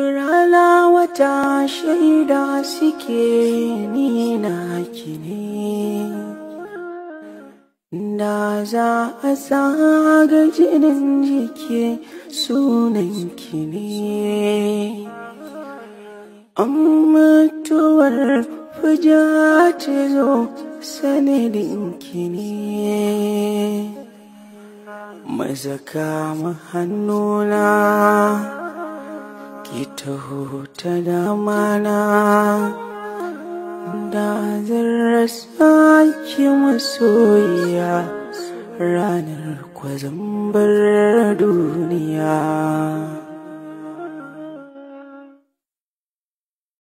Rana wata shaida suke ni na ne, da za a tsaga jinin jiki sunan ki ne. An mutuwar fuja ta zo sanadin ki ne, mazaka hannuna. ki taho ta damana da zan rasa ki masoyiya ranar kwazambar duniya